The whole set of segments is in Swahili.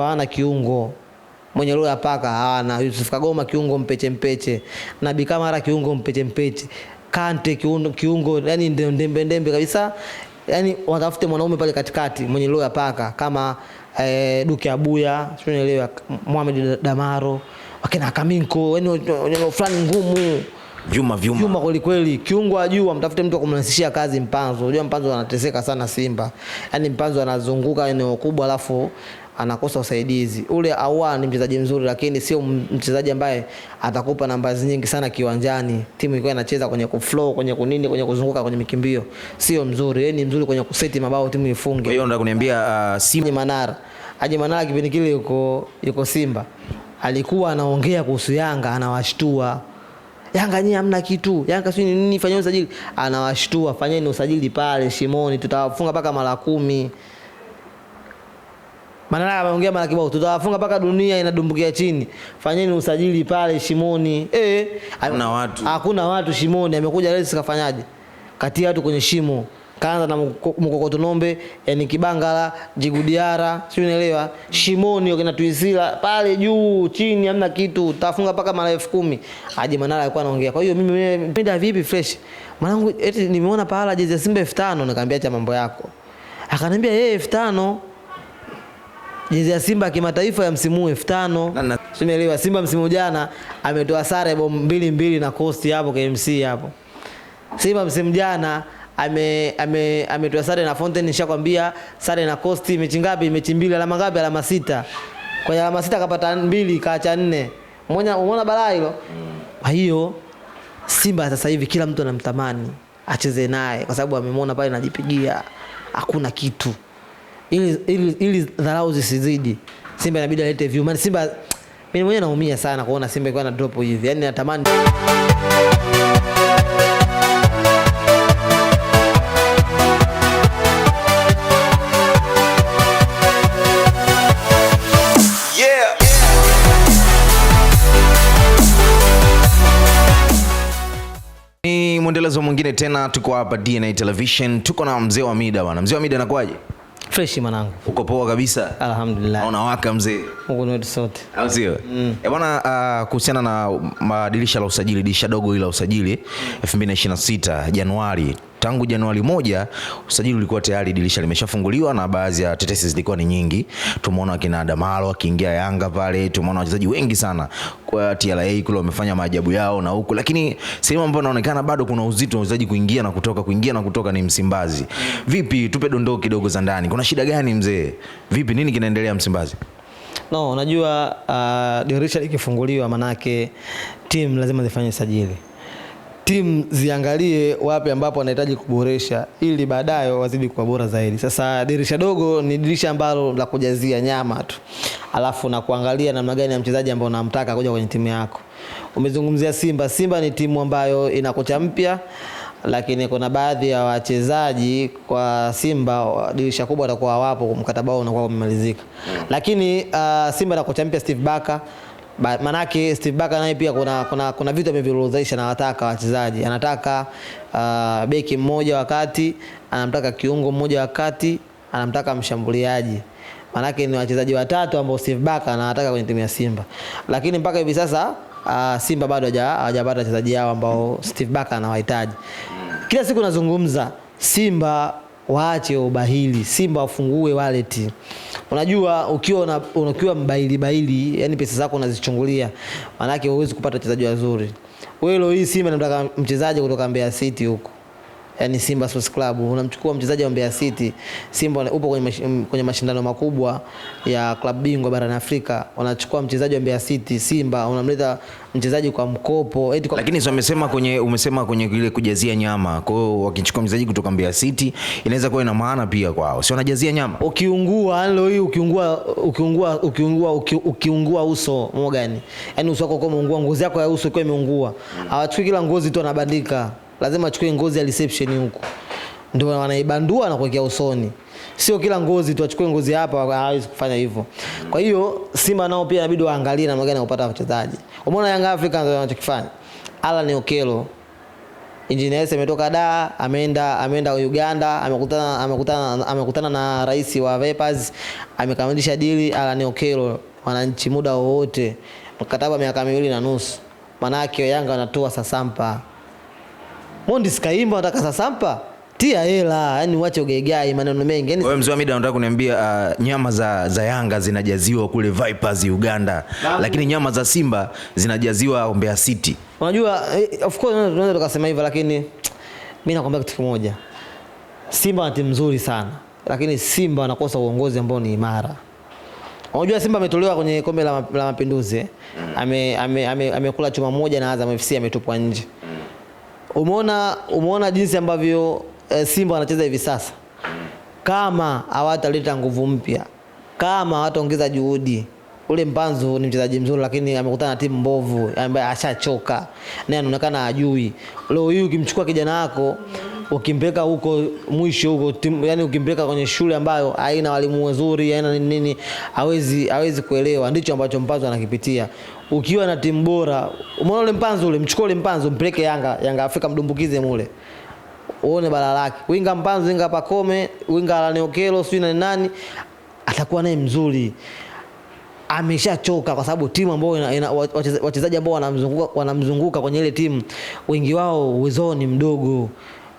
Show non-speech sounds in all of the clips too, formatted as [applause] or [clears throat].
Simba hawana kiungo mwenye lugha paka hawana. Yusuf Kagoma kiungo mpeche mpeche, na Bikamara kiungo mpeche mpeche, Kante kiungo, kiungo yani ndembe ndembe kabisa yani watafute mwanaume pale katikati mwenye lugha paka kama eh, Duke Abuya, sio nielewa, Mohamed Damaro, wakina Kaminko, yani wenye fulani ngumu Juma vyuma. Juma kweli kweli kiungo wa juu amtafute mtu kumrahisishia kazi Mpanzo. Unajua Mpanzo anateseka sana Simba. Yaani Mpanzo anazunguka eneo kubwa alafu anakosa usaidizi ule. Awa ni mchezaji mzuri, lakini sio mchezaji ambaye atakupa namba nyingi sana kiwanjani. Timu ilikuwa inacheza kwenye kuflow, kwenye kunini, kwenye kuzunguka, kwenye mikimbio, sio mzuri. Yeye ni mzuri kwenye kuseti mabao timu ifunge. Kwa hiyo unataka kuniambia uh, Simba Manara aje? Manara kipindi kile yuko yuko Simba alikuwa anaongea kuhusu Yanga, anawashtua Yanga nyinyi hamna kitu. Yanga sio nini, fanyeni usajili. Anawashtua, fanyeni usajili pale Shimoni, tutawafunga mpaka mara kumi. Manara ameongea mara kibao, tutawafunga mpaka dunia inadumbukia chini. Fanyeni usajili pale Shimoni. Eh, eh. hakuna watu. Hakuna watu Shimoni, amekuja leo sikafanyaje? Kati watu kwenye shimo. Kaanza na nombe, yani Kibangala, Jigudiara, sio unaelewa? Shimoni wakina Tuisila pale juu chini hamna kitu. Tafunga mpaka mara elfu kumi. Aje Manara alikuwa anaongea. Kwa hiyo mimi mpenda vipi fresh. Mwanangu eti nimeona pahala jezi ya Simba 5000 nikamwambia acha mambo yako. Akaniambia yeye eh, 5000 jezi ya Simba kimataifa ya msimu elfu tano simeelewa. Simba msimu jana ametoa sare bao mbili mbili na Coast hapo KMC hapo. Simba msimu jana ame ame ametoa sare na Fountain, nishakwambia sare na Coast. Mechi ngapi? Mechi mbili. Alama ngapi? Alama sita. Kwenye alama sita kapata mbili, kaacha nne. Umeona, umeona balaa hilo. Kwa hiyo Simba sasa hivi kila mtu anamtamani acheze naye, kwa sababu amemwona pale anajipigia, hakuna kitu ili, ili, ili dharau zisizidi. Simba inabidi alete vyuma. Simba mimi mwenyewe naumia sana kuona Simba ikiwa na drop hivi, yani natamani mwendelezo mwingine tena, tuko hapa DNA Television, tuko na mzee wa mida bwana. Mzee wa mida anakuaje? fresh mwanangu. Uko poa kabisa? Alhamdulillah. waka mzee. Mungu ni wetu sote. Au sio? Mm. Eh, bwana, uh, kuhusiana na madirisha la usajili, dirisha dogo hili la usajili 2026 mm. Januari tangu Januari moja usajili ulikuwa tayari dirisha limeshafunguliwa na baadhi ya tetesi zilikuwa ni nyingi. Tumeona kina Damalo akiingia Yanga pale, tumeona wachezaji wengi sana kwa TRA kule wamefanya maajabu yao na huku, lakini sehemu ambayo inaonekana bado kuna uzito wa wachezaji kuingia na kutoka, kuingia na kutoka ni Msimbazi. Vipi, tupe dondoo kidogo za ndani, kuna shida gani mzee? Vipi, nini kinaendelea Msimbazi? No, unajua uh, dirisha likifunguliwa manake timu lazima zifanye sajili timu ziangalie wapi ambapo wanahitaji kuboresha ili baadaye wazidi kuwa bora zaidi. Sasa dirisha dogo ni dirisha ambalo la kujazia nyama tu, alafu na kuangalia namna gani ya mchezaji ambao unamtaka kuja kwenye timu yako. Umezungumzia Simba. Simba ni timu ambayo ina kocha mpya, lakini kuna baadhi ya wachezaji kwa Simba dirisha kubwa watakuwa wapo, mkataba wao unakuwa umemalizika, lakini uh, Simba na kocha mpya Steve Baka Manake Steve Barker naye pia kuna, kuna, kuna vitu ameviorodhesha na wataka wachezaji, anataka uh, beki mmoja wakati, anamtaka kiungo mmoja wakati, anamtaka mshambuliaji. Manake ni wachezaji watatu ambao Steve Barker anataka kwenye timu ya Simba, lakini mpaka hivi sasa uh, Simba bado hawajapata wachezaji hao ambao Steve Barker anawahitaji. Kila siku nazungumza Simba waache ubahili, Simba wafungue waleti. Unajua ukiwa una, ukiwa mbaili baili, yani pesa zako unazichungulia, yake huwezi kupata wachezaji wazuri. Wewe leo hii Simba nataka mchezaji kutoka Mbeya City huko yani Simba Sports Club unamchukua mchezaji wa Mbeya City. Simba upo kwenye, mash, kwenye mashindano makubwa ya klabu bingwa barani Afrika, unachukua mchezaji wa Mbeya City Simba, unamleta mchezaji kwa mkopo eti kwa... lakini sio umesema kwenye umesema kwenye ile kujazia nyama. Kwa hiyo wakichukua mchezaji kutoka Mbeya City inaweza kuwa ina maana pia kwao, sio wanajazia nyama. Ukiungua yaani leo hii ukiungua ukiungua ukiungua ukiungua uso gani, yani uso wako kwa muungua, ngozi yako ya uso ikiwa imeungua, mm. hawachukui kila ngozi tu anabandika lazima achukue ngozi ya reception huko, ndio wanaibandua na kuwekea usoni. Sio kila ngozi tu achukue ngozi hapa, hawezi kufanya hivyo. Kwa hiyo Simba nao pia inabidi waangalie namna gani kupata wachezaji. Umeona Yanga Africans wanachokifanya, Alan Okelo Engineer ametoka da ameenda ameenda Uganda, amekutana amekutana amekutana na rais wa Vipers, amekamilisha dili Alan Okelo wananchi muda wowote, mkataba miaka miwili na nusu, manake Yanga wanatoa Sasampa. Mondi Skaimba nataka sasampa tia hela, yani wache ugegai maneno mengi. Yaani Wewe mzee wa mida unataka kuniambia uh, nyama za, za Yanga zinajaziwa kule Vipers Uganda Lamu. Lakini nyama za Simba zinajaziwa Mbeya City. Unajua eh, of course tunaweza tukasema hivyo, lakini mimi nakwambia kitu kimoja, Simba ni timu nzuri sana, lakini Simba anakosa uongozi ambao ni imara. Unajua Simba ametolewa kwenye kombe la, la Mapinduzi, amekula eh? mm. ame, ame, ame chuma moja na Azam FC ametupwa nje. Mm. Umeona, umeona jinsi ambavyo e, Simba wanacheza hivi sasa. Kama hawataleta nguvu mpya, kama hawataongeza juhudi, ule Mpanzu ni mchezaji mzuri, lakini amekutana na timu mbovu ambaye ashachoka, naye anaonekana ajui. Leo hii ukimchukua kijana wako ukimpeleka huko mwisho huko yani ukimpeleka kwenye shule ambayo haina walimu wazuri, haina nini, hawezi hawezi kuelewa. Ndicho ambacho Mpanzo anakipitia. Ukiwa na timu bora, umeona ule Mpanzo ule, mchukue ule Mpanzo mpeleke Yanga, Yanga Afrika mdumbukize mule uone bala lake. Winga Mpanzo, winga Pakome, winga Alaneokelo, sio nani nani, atakuwa naye mzuri. Ameshachoka kwa sababu timu ambayo wachezaji ambao wanamzunguka wanamzunguka kwenye ile timu wengi wao uwezo ni mdogo.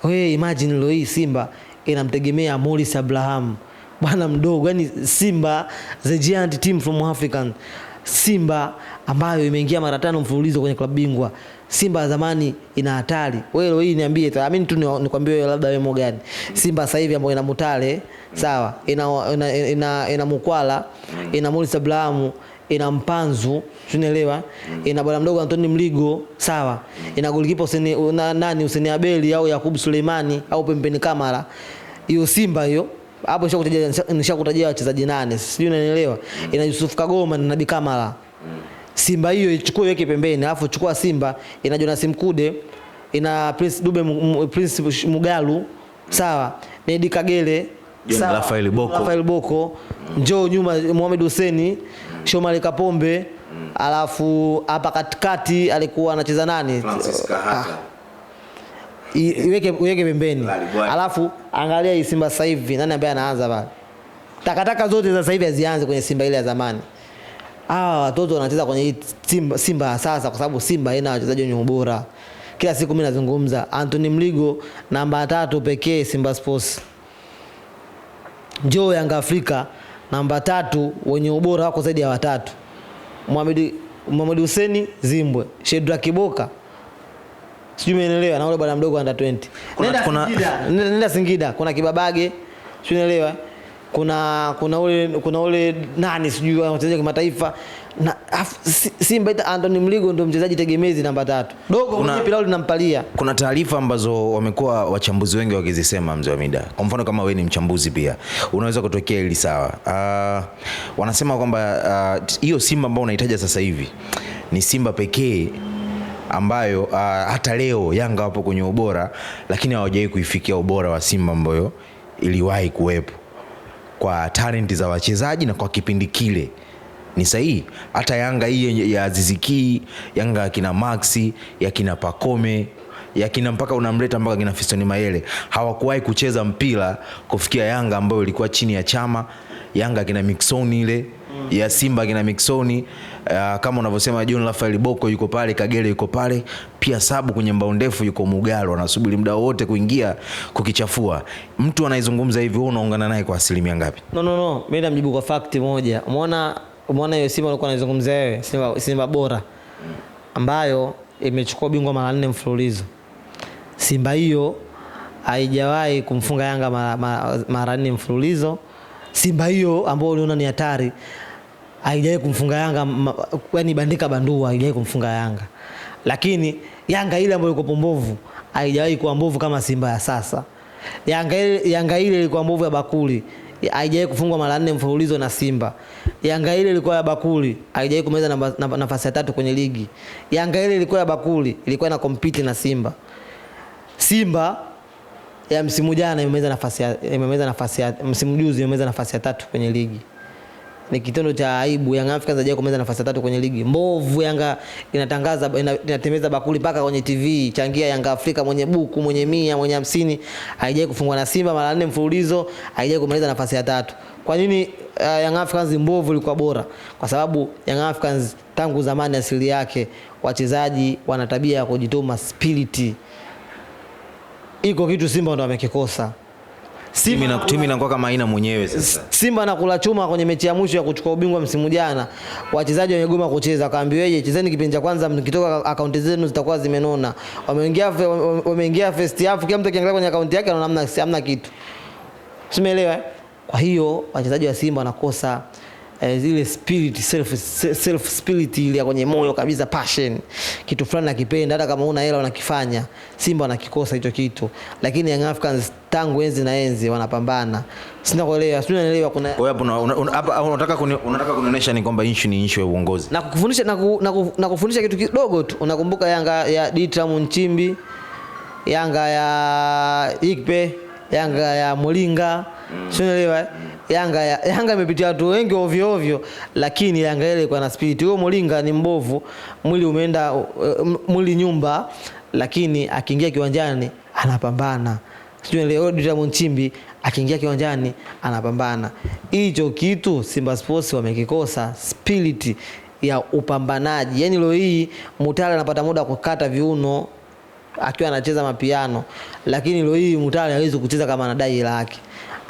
Wewe imagine leo hii Simba inamtegemea Morris Abraham, bwana mdogo. Yani Simba the giant team from African, Simba ambayo imeingia mara tano mfululizo kwenye klabu bingwa. Simba zamani ina hatari. Wewe leo hii niambie, taamini tu nikwambie, labda wewe gani Simba sasa hivi ambayo ina Mutale sawa, ina ina, ina, ina Mukwala, ina Morris Abraham ina Mpanzu, tunaelewa, mm. ina bwana mdogo Antoni Mligo, sawa, mm. ina golikipa useni na, nani Useni Abeli au Yakubu Suleimani au pembeni Kamara, hiyo Simba hiyo hapo nishakutajia wachezaji nane, sijui unanielewa. Mm. Ina Yusuf Kagoma na Nabi Kamara. Simba hiyo ichukue weke pembeni, alafu chukua Simba ina Jonas Mkude, ina Prince Dube, Prince Mugalu, sawa, Medi Kagere, sawa, Rafael Boko, Rafael Boko, njoo nyuma Mohamed Hussein Mm. Shomari Kapombe mm. alafu hapa katikati alikuwa anacheza nani? Ah. Iweke iweke pembeni. Alafu angalia hii Simba sasa hivi nani ambaye anaanza pale? Takataka zote za sasa hivi hazianze kwenye Simba ile ya zamani. Hawa ah, watoto wanacheza kwenye Simba, Simba sasa kwa sababu Simba haina wachezaji wenye ubora. Kila siku mimi nazungumza Anthony Mligo namba tatu pekee Simba Sports. Njoo Yanga Afrika Namba tatu wenye ubora wako zaidi ya watatu, Mohamed Mohamed Hussein Zimbwe, Shedra Kiboka, sijui umeelewa, na ule bwana mdogo under 20. Nenda Singida, kuna Kibabage, sijui umeelewa kuna kuna ule kuna ule nani sijui wachezaji kimataifa na si, Simba ita Anthony Mligo ndio mchezaji tegemezi namba tatu dogo kuna, pilau linampalia. Kuna taarifa ambazo wamekuwa wachambuzi wengi wakizisema, mzee wa mida, kwa mfano kama wewe ni mchambuzi pia unaweza kutokea hili sawa. Uh, wanasema kwamba ah, hiyo uh, Simba ambayo unahitaji sasa hivi ni Simba pekee ambayo uh, hata leo Yanga wapo kwenye ubora, lakini hawajawahi kuifikia ubora wa Simba ambayo iliwahi kuwepo kwa talenti za wachezaji na kwa kipindi kile ni sahihi. Hata Yanga hii ya Ziziki, Yanga yakina Maxi, yakina Pakome, yakina mpaka unamleta mpaka kina Fiston Mayele, hawakuwahi kucheza mpira kufikia Yanga ambayo ilikuwa chini ya Chama. Yanga kina Miksoni ile ya Simba kina Miksoni Uh, kama unavyosema John Rafael Boko yuko pale, Kagere yuko pale pia, sabu kwenye mbao ndefu yuko Mugalo, anasubiri muda wote kuingia kukichafua. Mtu anaizungumza hivi, wewe unaungana naye kwa asilimia ngapi? No, no, no, mimi namjibu kwa fact moja. Umeona, umeona hiyo Simba alikuwa anaizungumzia wewe, Simba, Simba bora ambayo imechukua bingwa mara nne mfululizo. Simba hiyo haijawahi kumfunga Yanga mara nne mfululizo. Simba hiyo ambayo uliona ni hatari haijawahi kumfunga Yanga, yani bandika bandua haijawahi kumfunga Yanga, lakini Yanga ile ambayo iko pombovu haijawahi kuwa mbovu kama Simba ya sasa. Yanga ile Yanga ile ilikuwa mbovu ya bakuli haijawahi kufungwa mara nne mfululizo na Simba. Yanga ile ilikuwa ya bakuli, haijawahi kumaliza nafasi ya tatu kwenye ligi. Yanga ile ilikuwa ya bakuli, ilikuwa ina compete na Simba. Simba ya msimu jana imemaliza nafasi ya imemaliza nafasi ya msimu juzi imemaliza nafasi ya tatu kwenye ligi ni kitendo cha aibu. Yanga Africans hajawahi kumaliza nafasi tatu kwenye ligi mbovu. Yanga inatangaza inatemeza bakuli paka kwenye TV, changia Yanga Afrika, mwenye buku, mwenye mia, mwenye hamsini. haijai kufungwa na Simba mara nne mfululizo, haijai kumaliza nafasi ya tatu. Kwa nini uh, Young Africans mbovu ilikuwa bora? Kwa sababu Young Africans tangu zamani asili yake wachezaji wana tabia ya kujituma, spiriti iko kitu Simba ndo wamekikosa. Simba, timu kama aina mwenyewe sasa. Simba na kula chuma kwenye mechi ya mwisho ya kuchukua ubingwa msimu jana, wachezaji wamegoma kucheza, kaambiweje, chezeni kipindi cha kwanza, mkitoka akaunti zenu zitakuwa zimenona. Wameingia wameingia first half, kila mtu akiangalia kwenye akaunti yake anaona hamna kitu, simeelewa. Eh? Kwa hiyo wachezaji wa Simba wanakosa Eh, ile spirit self, self spirit ile ya kwenye moyo kabisa, passion, kitu fulani nakipenda, hata kama una hela unakifanya. Simba wanakikosa hicho kitu, lakini Young Africans tangu enzi na enzi wanapambana. Sina kuelewa, sio naelewa. Kuna kwa hapo una, unataka kuni, unataka kunionyesha ni kwamba issue ni issue ya uongozi na kukufundisha na, ku, na, ku, na kufundisha kitu kidogo tu. Unakumbuka Yanga ya Ditram Nchimbi, Yanga ya Ikpe, Yanga ya Molinga mm. sio unaelewa eh? mm. Yanga Yanga imepitia watu wengi ovyo ovyo, lakini Yanga ile kwa na spirit. Huyo Moringa ni mbovu, mwili umeenda uh, mwili nyumba, lakini akiingia kiwanjani anapambana. Sio ile Diamond Chimbi akiingia kiwanjani anapambana. Hicho kitu Simba Sports wamekikosa, spirit ya upambanaji. Yaani leo hii Mutale anapata muda wa kukata viuno akiwa anacheza mapiano, lakini leo hii Mutale hawezi kucheza kama anadai hela yake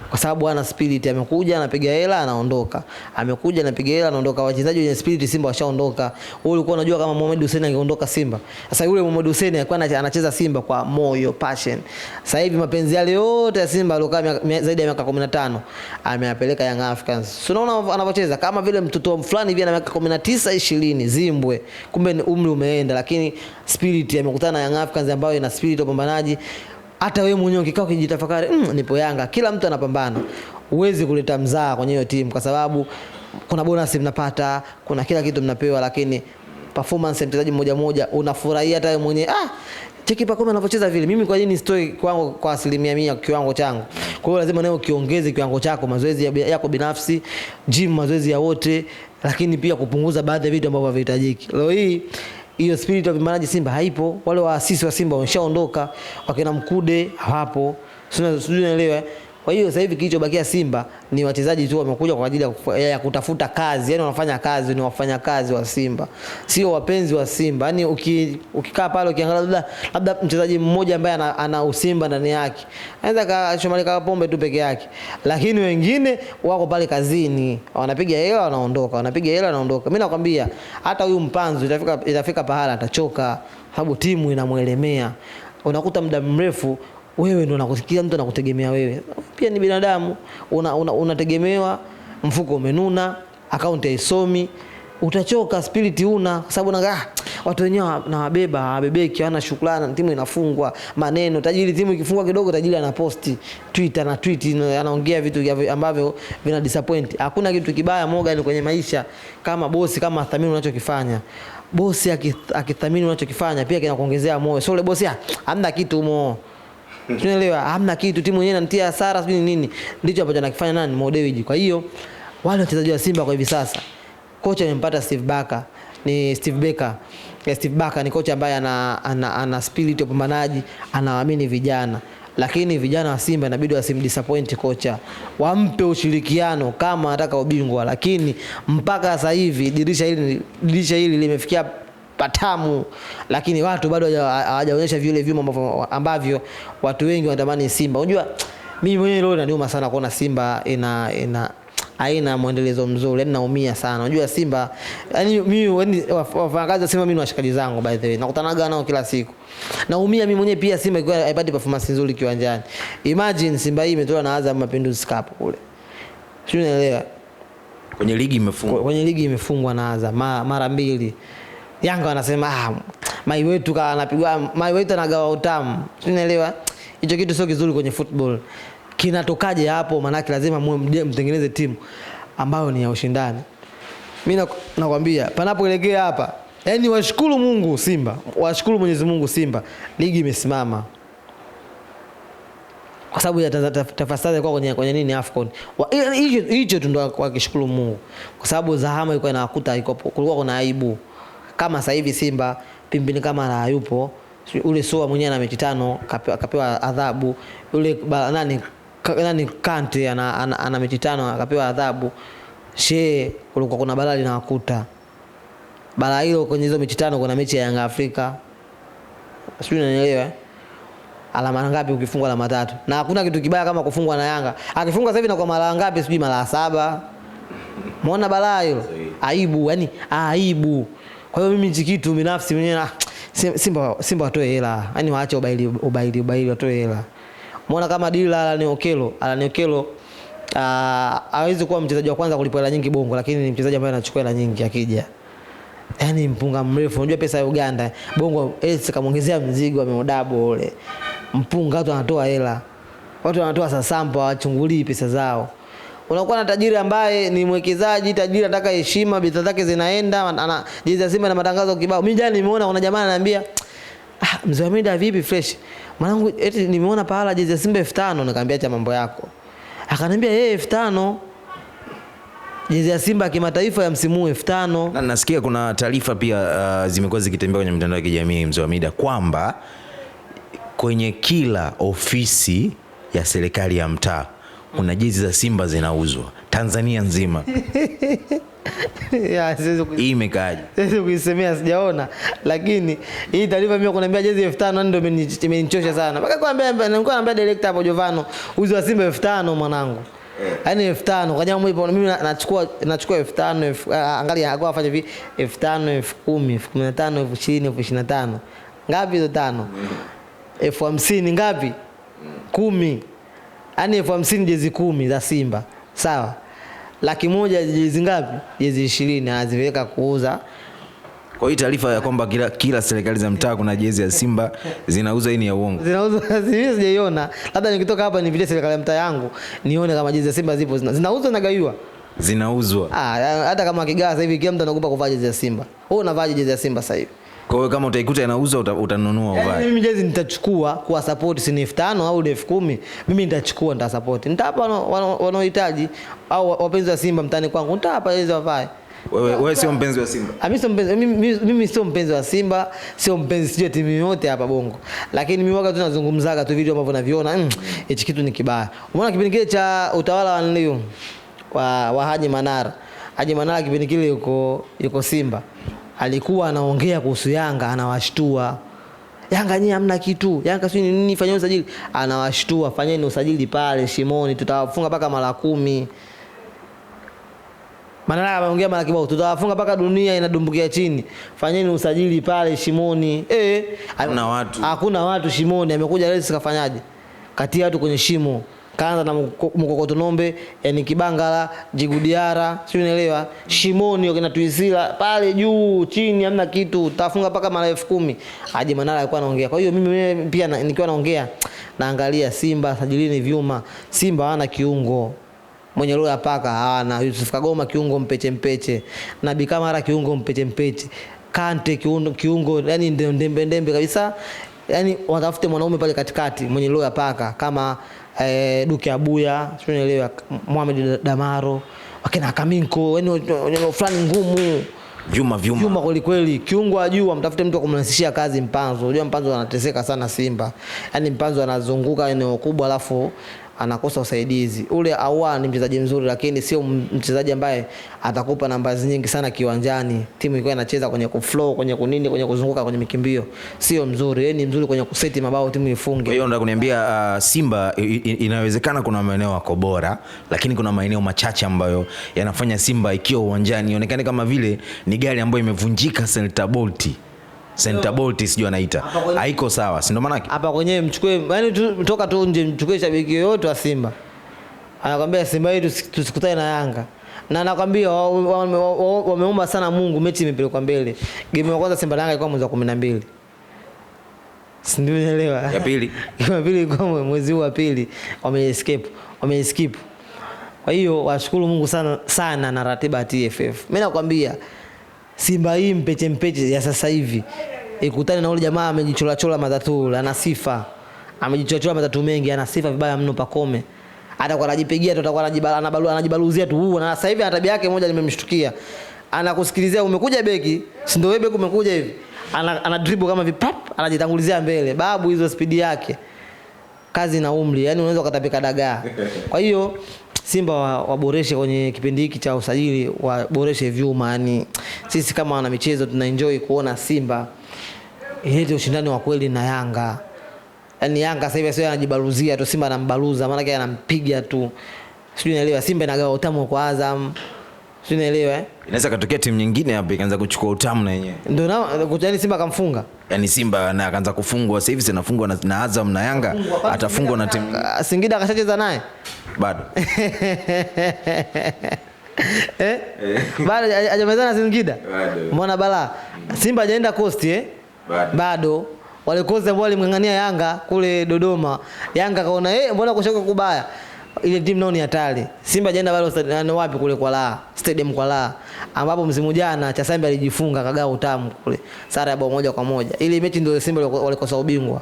kwa sababu ana spirit. Amekuja anapiga hela anaondoka, amekuja anapiga hela anaondoka. Wachezaji wenye spirit Simba washaondoka. Wewe ulikuwa unajua kama Mohamed Hussein angeondoka Simba, sasa yule Mohamed Hussein alikuwa anacheza Simba kwa moyo passion. Sasa hivi mapenzi yale yote ya Simba aliokaa zaidi ya miaka 15 ameyapeleka Young Africans, so unaona anavyocheza kama vile mtoto fulani hivi ana miaka 19 20, zimbwe, kumbe umri umeenda, lakini spirit amekutana na Young Africans ambayo ina spirit ya upambanaji hata wewe mwenyewe ukikaa ukijitafakari, mm, nipo Yanga, kila mtu anapambana, uwezi kuleta mzaa kwenye hiyo timu kwa sababu kuna bonus mnapata, kuna kila kitu mnapewa, lakini performance ya mchezaji mmoja mmoja unafurahia hata wewe mwenyewe ah, cheki Pacome anavyocheza vile. Mimi kwa nini story kwangu kwa asilimia mia kiwango changu. Kwa hiyo lazima nayo ukiongeze kiwango chako, mazoezi yako binafsi, gym, mazoezi ya wote, lakini pia kupunguza baadhi ya vitu ambavyo havihitajiki. Leo hii hiyo spirit ya vimanaji Simba haipo. Wale waasisi wa Simba wameshaondoka, wakina Mkude hawapo, sijui naelewa eh? Kwa hiyo sasa hivi kilichobakia Simba ni wachezaji tu wamekuja kwa ajili ya kutafuta kazi, yani wanafanya kazi, ni wafanya kazi wa Simba, sio wapenzi wa Simba. Yani ukikaa pale ukiangalia, labda labda mchezaji mmoja ambaye ana, ana usimba ndani yake anaweza kashomalika pombe tu peke yake, lakini wengine wako pale kazini, wanapiga hela wanaondoka, wanapiga hela wanaondoka. Mimi nakwambia hata huyu mpanzu itafika, itafika pahala atachoka, sababu timu inamwelemea unakuta muda mrefu wewe ndo unakusikia, mtu anakutegemea wewe, pia ni binadamu, unategemewa, una, una mfuko umenuna, akaunti haisomi, utachoka, spirit una sababu na ah, watu wenyewe na wabeba hawabebeki, hawana shukrani, timu inafungwa, maneno tajiri, timu ikifungwa kidogo, tajiri anaposti Twitter na tweet, anaongea vitu ambavyo vina disappoint. Hakuna kitu kibaya Morgan kwenye maisha kama bosi, kama athamini unachokifanya bosi akithamini unachokifanya pia kinakuongezea moyo. sio yule bosi ah, hamna kitu humo Tunaelewa hamna kitu, timu yenyewe inamtia hasara sijui nini. Ndicho ambacho anakifanya nani Modewiji. Kwa hiyo wale wachezaji wa Simba kwa hivi sasa kocha amempata Steve Baka ni Steve Yeah, eh, Steve Barker ni kocha ambaye ana, ana, ana spirit ya upambanaji, anawaamini vijana lakini vijana wa Simba inabidi wasimdisappoint kocha, wampe ushirikiano kama anataka ubingwa. Lakini mpaka sasa hivi dirisha hili dirisha hili limefikia patamu, lakini watu bado hawajaonyesha vile vyuma ambavyo watu wengi wanatamani Simba. Unajua mimi mwenyewe leo inaniuma sana kuona Simba ina ina aina mwendelezo mzuri, yani naumia sana. Unajua Simba, yani mimi yaani wafanyakazi wa Simba mimi ni washikaji zangu, by the way nakutanaga nao kila siku, naumia mimi mwenyewe pia. Simba ikiwa haipati performance nzuri kiwanjani, imagine Simba hii imetoa na Azam Mapinduzi Cup kule, sio, unaelewa, kwenye ligi imefungwa, kwenye ligi imefungwa na Azam mara mbili. Yanga wanasema ah, mai wetu kawa anapigwa mai wetu anagawa utamu. Unaelewa? Hicho kitu sio kizuri kwenye football. Kinatokaje hapo? Maanake lazima mwe mtengeneze timu ambayo ni ya ushindani. Mimi nakwambia panapoelekea hapa, yani washukuru Mungu Simba, washukuru Mwenyezi Mungu Simba, ligi imesimama kwa sababu ya tafasari kwa kwenye, kwenye nini Afcon. Hicho tu ndo wakishukuru Mungu, kwa sababu zahama ilikuwa inawakuta, kulikuwa kuna aibu kama sasa hivi Simba pimbini kama na hayupo ule Soa mwenyewe na mechi tano kapewa, kapewa adhabu ule ba, nani, nani Kante ana, ana, ana mechi tano akapewa adhabu. She kulikuwa kuna balaa linawakuta balaa hilo kwenye hizo mechi tano, kuna mechi ya Yanga Afrika, sio? unanielewa eh? alama ngapi ukifungwa alama tatu, na hakuna kitu kibaya kama kufungwa na Yanga. Akifungwa sasa hivi na kwa mara ngapi? Sijui mara saba. Muona balaa hilo, aibu yani, aibu. Kwa hiyo mimi nchi kitu binafsi mwenyewe Simba Simba watoe hela. Yaani waache ubaili ubaili ubaili watoe hela. Muona kama dila Okelo, Okello, Allan Okello ah, hawezi kuwa mchezaji wa kwanza kulipwa hela nyingi Bongo, lakini ni mchezaji ambaye anachukua hela nyingi akija. Yaani mpunga mrefu, unajua pesa ya Uganda. Bongo eti eh, kamwongezea mzigo ameodabo ule. Mpunga watu wanatoa hela. Watu wanatoa sasampo wachungulii pesa zao unakuwa na tajiri ambaye ni mwekezaji, tajiri anataka heshima, bidhaa zake zinaenda, ana jezi ya Simba na matangazo kibao. Mimi jana nimeona kuna jamaa ananiambia, ah, mzee Hamida vipi fresh? Mwanangu eti nimeona pahala jezi ya Simba 5000 nikamwambia cha mambo yako. Akaniambia yeye 5000 jezi ya Simba kimataifa ya msimu huu 5000. Na nasikia kuna taarifa pia uh, zimekuwa zikitembea kwenye mitandao ya kijamii mzee Hamida kwamba kwenye kila ofisi ya serikali ya mtaa kuna jezi za Simba zinauzwa Tanzania nzima. [laughs] Hii imekaaje? Siwezi kuisemea, sijaona, lakini hii taarifa mimi kuniambia jezi elfu ndio imenichosha sana. Mpaka kwambia nilikuwa naambia director hapo Jovano, uzi wa Simba elfu mwanangu. Eh. Yaani elfu kwa jamaa mwipo mimi nachukua nachukua elfu angalia akwa afanye hivi elfu tano elfu kumi elfu ngapi hizo tano mm. elfu ngapi mm. kumi yani elfu hamsini jezi kumi za Simba sawa, laki moja jezi ngapi? Jezi ishirini anaziweka kuuza. Kwa hiyo taarifa ya kwamba kila, kila serikali za mtaa kuna jezi ya Simba zinauza, hii ni ya uongo, zinauzwa [laughs] sijaiona. Labda nikitoka hapa nipitie serikali ya mtaa yangu nione kama jezi ya Simba zipo zinauzwa, nagaiwa zinauzwa. Ah, hata kama kigaa sasa hivi kila mtu anaogopa kuvaa jezi ya Simba. Wewe unavaa jezi ya Simba sasa hivi kwa hiyo kama utaikuta inauza utanunua yaani uvae. Mimi jezi nitachukua kwa support, si elfu tano au elfu kumi mimi nitachukua, nita support, nitapa wanaohitaji au wapenzi wa Simba mtani kwangu, nitapa jezi wavae. Wewe wewe sio mpenzi wa Simba? Ah, Mimi sio mpenzi, mimi sio mpenzi wa Simba, sio mpenzi sio timu yote hapa Bongo, lakini mimi wakati tunazungumzaga tu video ambavyo naviona mm, hichi kitu ni kibaya. Umeona kipindi kile cha utawala wa Nliu wa Haji Manara, Haji Manara kipindi kile yuko yuko Simba alikuwa anaongea kuhusu Yanga anawashtua Yanga nyie hamna kitu. Yanga si nini fanyeni usajili. Anawashtua, fanyeni usajili pale Shimoni tutawafunga mpaka mara kumi. Manara ameongea mara kibao tutawafunga mpaka dunia inadumbukia chini. Fanyeni usajili pale Shimoni. Eh, hakuna watu. Hakuna watu Shimoni amekuja leo kafanyaje, Kati watu kwenye shimo akaanza na mkokoto nombe yani Kibangala, Jigudiara, si unaelewa, Shimoni wakina Tuizila pale juu chini, hamna kitu, tafunga paka mara elfu kumi. Haji Manara alikuwa anaongea. Kwa hiyo mimi pia na, nikiwa naongea naangalia Simba sajilini vyuma. Simba hawana kiungo mwenye lugha paka hana. Yusuf Kagoma kiungo mpeche mpeche, na Bikamara kiungo mpeche mpeche, Kante kiungo, kiungo yani ndembe ndembe kabisa. Yani watafute mwanaume pale katikati mwenye lugha paka kama eh, Duke Abuya, sio nielewa, Mohamed Damaro, wakina Kaminko, yani fulani ngumu Vyuma vyuma. Vyuma kweli kweli. Kiungo wa juu amtafute mtu kumrahisishia kazi Mpanzo. Unajua Mpanzo anateseka sana Simba. Yaani Mpanzo anazunguka eneo kubwa alafu anakosa usaidizi ule. Awa ni mchezaji mzuri, lakini sio mchezaji ambaye atakupa namba nyingi sana kiwanjani. Timu ilikuwa inacheza kwenye kuflow, kwenye kunini, kwenye kuzunguka, kwenye mikimbio, sio mzuri. Yeye ni mzuri kwenye kuseti mabao timu ifunge. Kwa hiyo nataka kuniambia, uh, Simba inawezekana kuna maeneo yako bora, lakini kuna maeneo machache ambayo yanafanya Simba ikiwa uwanjani ionekane kama vile ni gari ambayo imevunjika Celta Bolt center bolt sijui anaita, haiko sawa, si ndo maana hapa kwenye mchukue, yani tu, toka tu nje mchukue shabiki yoyote wa Simba anakwambia Simba hii tusikutane na Yanga na nakwambia wameomba sana Mungu, mechi imepelekwa mbele. Game ya kwanza Simba Yanga ilikuwa mwezi wa kumi na mbili, si Unaelewa? ya pili [laughs] ya pili ilikuwa mwezi huu wa pili, wameescape wameescape. Kwa hiyo washukuru Mungu sana sana na ratiba ya TFF, mimi nakwambia Simba hii mpeche mpeche ya sasa hivi ikutane na yule jamaa amejichola chola matatu, ana sifa, amejichola chola matatu mengi, ana sifa vibaya mno. Pakome atakuwa anajipigia tu, atakuwa anajibala, anajibaluzia tu. huu, Na sasa hivi ana tabia yake moja nimemshtukia, anakusikilizia umekuja beki, si ndio? Wewe beki umekuja hivi, ana, ana dribble kama vipap, anajitangulizia mbele. Babu hizo speed yake kazi na umri, yani unaweza ukatapika dagaa. Kwa hiyo Simba waboreshe wa kwenye kipindi hiki cha usajili, waboreshe vyuma. Yani sisi kama wana michezo tuna enjoy kuona Simba ilete ushindani wa kweli na Yanga. Yani Yanga sasa hivi sio anajibaruzia tu, Simba anambaruza, maana yake anampiga tu, sijui naelewa. Simba inagawa utamu kwa Azam, sijui naelewa. Eh? Inaweza katokea timu nyingine hapo ikaanza kuchukua utamu na yenyewe, ndio na yani Simba kamfunga yani Simba na akaanza kufungwa sasa hivi zinafungwa na, na Azam na Yanga atafungwa na timu ah, Singida akashacheza naye bado [laughs] eh? bado na Singida mbona bala Simba hajaenda Coast eh? bado, bado. Wale Coast ambao walimng'ang'ania Yanga kule Dodoma, Yanga kaona eh, mbona kushoka kubaya ile timu nao ni hatari. Simba jana hajaenda pale wapi kule kwa la stadium kwa la ambapo msimu jana cha Simba alijifunga kagaa utamu kule sare ya bao moja kwa moja. Ile mechi ndio Simba walikosa ubingwa.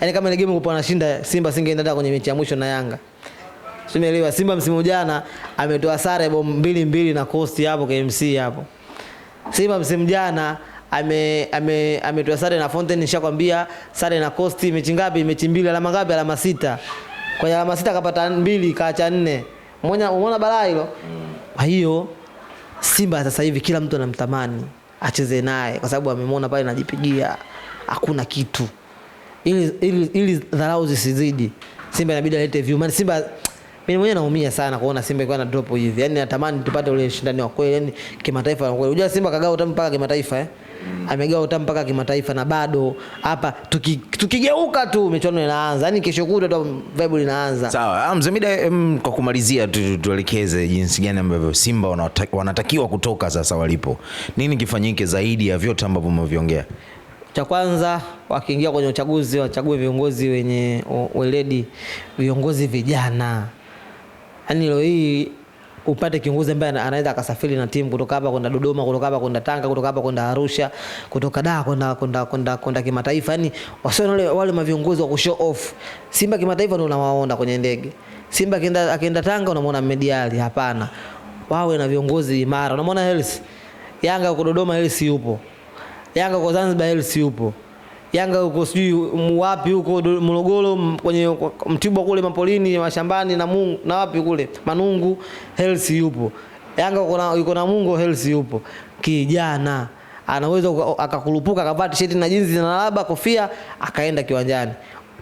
Yaani kama ile game kulikuwa anashinda Simba singeenda hata kwenye mechi ya mwisho na Yanga. Simeelewa Simba msimu jana ametoa sare bao mbili mbili na Coast hapo KMC hapo. Simba msimu jana ame ame ametoa sare na Fountain nishakwambia sare na Coast mechi ngapi? Mechi mbili alama ngapi? Alama sita kwenye alama sita kapata mbili kaacha nne. Umeona balaa hilo? Kwa hiyo Simba sasa hivi kila mtu anamtamani acheze naye kwa sababu amemwona pale anajipigia, hakuna kitu. Ili ili, ili dharau zisizidi, Simba inabidi alete view. Maana Simba mimi mwenyewe naumia sana kuona Simba ikiwa na drop hivi. Yaani natamani tupate ule ushindani wa kweli, yani kimataifa wa kweli. Unajua Simba kagawa utamu kimataifa eh mm. amegawa uta mpaka kimataifa na bado hapa tukigeuka tu michuano inaanza, yani kesho kutwa vibe inaanza. Sawa ah, mzee Mida, kwa kumalizia, tuelekeze jinsi gani ambavyo Simba wanatakiwa, wanatakiwa kutoka sasa walipo. Nini kifanyike zaidi ya vyote ambavyo umeviongea? Cha kwanza wakiingia kwenye uchaguzi wachague viongozi wenye weledi, viongozi vijana, yani leo hii upate kiongozi ambaye anaweza akasafiri na timu kutoka hapa kwenda Dodoma, kutoka hapa kwenda Tanga, kutoka hapa kwenda Arusha, kutoka Dar kwenda kwenda kwenda kwenda kimataifa. Yani wasio wale wale maviongozi wa kushow off. Simba kimataifa ndio unawaona kwenye ndege. Simba akienda akienda Tanga unamwona Mediali, hapana. Wawe na viongozi imara. Unamwona Hersi. Yanga uko Dodoma, Hersi yupo. Yanga kwa Zanzibar, Hersi yupo. Yanga huko sijui wapi huko Morogoro kwenye Mtibwa kule mapolini mashambani na Mungu na wapi kule Manungu Helsi yupo. Yanga yuko na Mungu Helsi yupo. Kijana anaweza akakurupuka akavaa t-shirt na jinzi na laba kofia akaenda kiwanjani.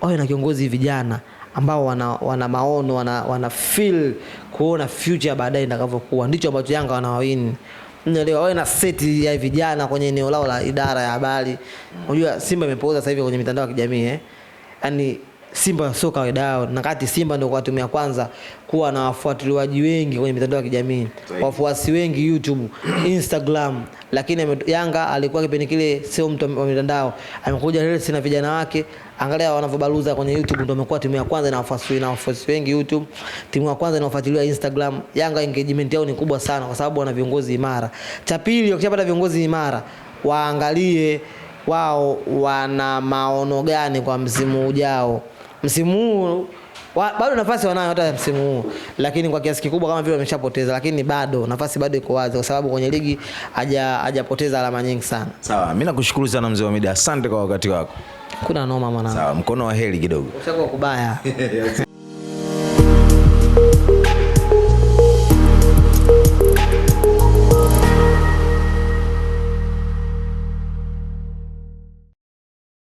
Wao na kiongozi vijana ambao wana, wana maono wana, wana feel kuona future baadaye itakavyokuwa, ndicho ambacho Yanga wanawawini. Unaelewa, wawe na seti ya vijana kwenye eneo lao la idara ya habari. Unajua Simba imepooza sasa hivi kwenye mitandao ya kijamii eh, yaani Simba sio kawaida yao, na kati Simba ndio kwa timu ya kwanza kuwa na wafuatiliaji wengi kwenye mitandao ya kijamii, wafuasi wengi YouTube, [clears throat] Instagram, lakini Yanga alikuwa kipindi kile sio mtu wa mitandao, amekuja Hersi na vijana wake, angalia wanavyobaluza kwenye YouTube, ndio amekuwa timu ya kwanza na wafuasi na wafuasi wengi YouTube, timu ya kwanza inayofuatiliwa Instagram. Yanga engagement yao ni kubwa sana, kwa sababu wana viongozi imara. Cha pili, wakishapata viongozi imara, waangalie wao wana maono gani kwa msimu ujao msimu huu wa, bado nafasi wanayo hata msimu huu, lakini kwa kiasi kikubwa kama vile wameshapoteza, lakini bado nafasi bado iko wazi, kwa sababu kwenye ligi hajapoteza alama nyingi sana. Sawa, mimi nakushukuru sana mzee wa Mida, asante kwa wakati wako. Kuna noma mwanangu. Sawa, mkono wa heri kidogo. Ushakuwa kubaya [laughs]